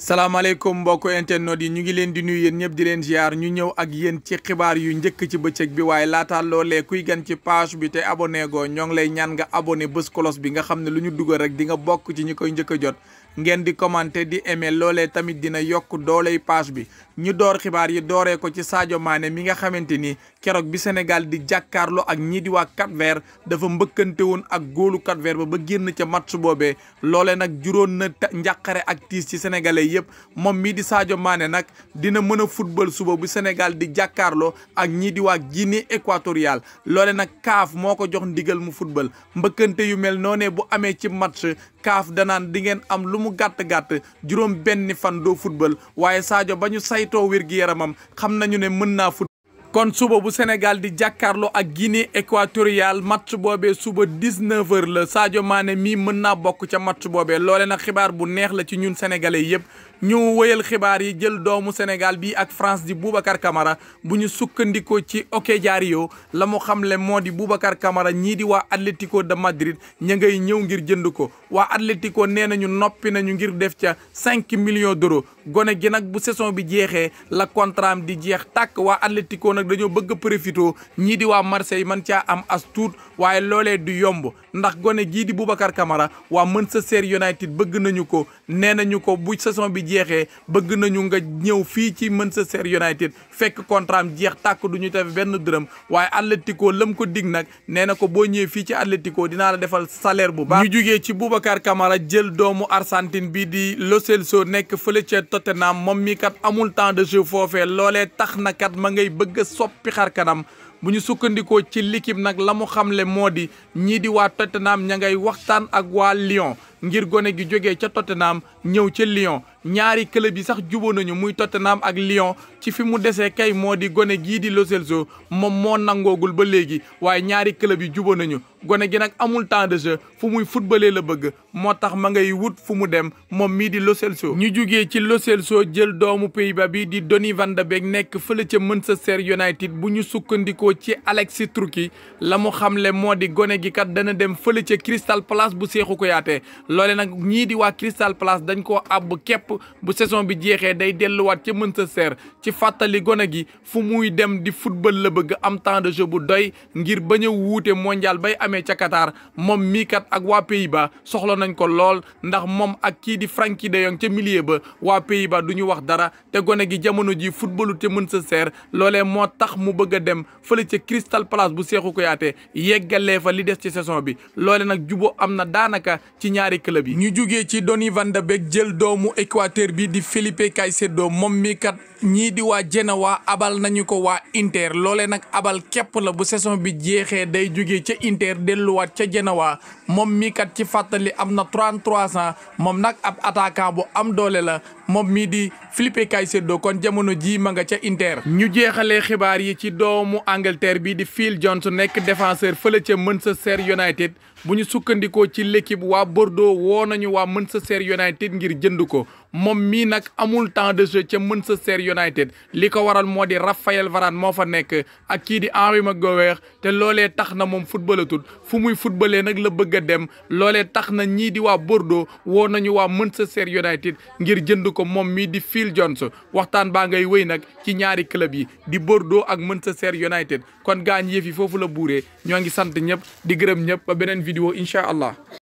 salaamaaleykum mbokk internautes yi ñu ngi leen di nuyu yéen ñëpp di leen ziar ñu ñëw ak yéen ci xibaar yu njëkk ci bëccëg bi waaye laata loolee kuy gan ci page bi te abonné goo ñoo ngi lay ñaan nga abone bés kolos bi nga xam ne lu ñu dugal rek di nga bokk ci ñi koy njëkk a jot ngeen di commenter di emee loole tamit dina yokk dooley page bi ñu door xibaar yi dooree ko ci Sadio maane mi nga xamante ni keroog bi Sénégal di jàkkaarloo ak ñii di waa cap dafa mbëkkante woon ak góolu cap ba ba génn ca match boobee loolee nag juróon na njàqare ak tiis ci sénégalais yëpp moom mii di Sadio Mané nag dina mën a football suba bu Sénégal di jàkkaarloo ak ñii di waa Guinée équatoriale loole nag kaaf moo ko jox ndigal mu football mbëkkante yu mel noonee bu amee ci match kaaf danaan di ngeen am lu mu gàtt-gàtt juróom benni fan doo football waaye Sadio ba ñu saytoo wér gi yaramam xam nañu ne mën naa kon suba bu Sénégal di jàkkaarloo ak Guinée équatoriale match boobe suba 19h la Sadio Mané mii mën naa bokk ca match boobee loole nag xibaar bu neex la ci ñun sénégalais yëpp ñu wëyal xibaar yi jël doomu Sénégal bi ak France di Boubacar kamara bu ñu sukkandikoo ci OK Diario la mu xamle moo di Boubacar kamara ñii di waa Atlético de Madrid ña ngay ñëw ngir jënd ko waa Atlético nee nañu noppi nañu ngir def ca 5 millions d'euros gone gi nag bu saison bi jeexee la contrat di jeex tàkk waa Atlético nag dañoo bëgg a profito ñii di waa Marseille man ca am as tuut waaye loolee du yomb ndax gone gii di Boubacar Kamara waa Manchester United bëgg nañu ko nee ñu ko bu sa saison bi jeexee bëgg nañu nga ñëw fii ci mën sa Manchester United fekk contrat jeex tàkk du ñu def benn dërëm waaye Atlético lam ko dig nag nee na ko boo ñëwee fii ci Atlético dinaa la defal salaire bu baax. ñu jugee ci Boubacar Kamara jël doomu Argentine bi di Lo Celso nekk fële ca Tottenham moom mi kat amul temps de soppi xar kanam bu ñu sukkandikoo ci l'équipe nag la mu xamle moo di ñii di waa Tottenham ña ngay waxtaan ak waa Lyon ngir gone gi jógee ca Tottenham ñëw ca Lyon ñaari club yi sax juboo nañu muy Tottenham ak Lyon ci fi mu desee kay moo di gone gii di Lo moom moo nangoogul ba léegi waaye ñaari club yi juboo nañu gone gi nag amul temps de jeu fu muy footballer la bëgg moo tax ma ngay wut fu mu dem moom mii di Lo Celso ñu jugee ci Lo Celso jël doomu pays bi di Donny van de Beek nekk fële ca Manchester United bu ñu sukkandikoo ko ci Alexis Truki la mu xamle moo di gone gi kat dana dem fële ca Crystal Palace bu seexu ko Kouyaté loole nag ñii di waa Crystal Palace dañ koo àbb képp bu saison bi jeexee day delluwaat ca Manchester ci fàttali gone gi fu muy dem di football la bëgg am temps de jeu bu doy ngir bañ a wuute mondial bay amee ca Qatar moom miikat ak waa pays soxla nañ ko lool ndax moom ak kii di Frenkie de Jong ca millier ba waa Pays-Bas du ñu wax dara te gone gi jamono ji footballu te Manchester loolee moo mu bëgg a dem fële ca Crystal Palace bu Cheikhou Kouyaté yeggalee fa li des ci saison bi loole nag jubo am na daanaka ci ñaari club yi. ñu jugee ci Donny van de Beek jël doomu Équateur bi di Felipe Caicedo moom mi kat ñii di waa Genoa abal nañu ko waa Inter loole nag abal képp la bu saison bi jeexee day jugee ca Inter delluwaat ca Genoa moom mi kat ci fàttali am na 33 ans moom nag ab attaquant bu am doole la. moom mii di Filipe Caicedo kon jamono jii ma nga ca Inter. ñu jeexalee xibaar yi ci doomu Angleterre bii di Phil Jones nekk défenseur fële ca Manchester United bu ñu sukkandikoo ci l'équipe waa Bordeaux woo nañu waa mën sa Manchester United ngir jënd ko. moom mii nag amul temps de jeu ca Manchester United li ko waral moo di Raphaël Varane moo fa nekk ak kii di ma Maguire te loolee tax na moom footballatul fu muy footballee nag la bëgg a dem loolee tax na ñii di waa Bordeaux woo nañu waa Manchester United ngir jënd ko moom mii di Phil Jones waxtaan baa ngay wéy nag ci ñaari club yi di Bordeaux ak Manchester United kon gaañ yëf yi foofu la buuree ñoo ngi sant ñëpp di gërëm ñëpp ba beneen vidéo incha allah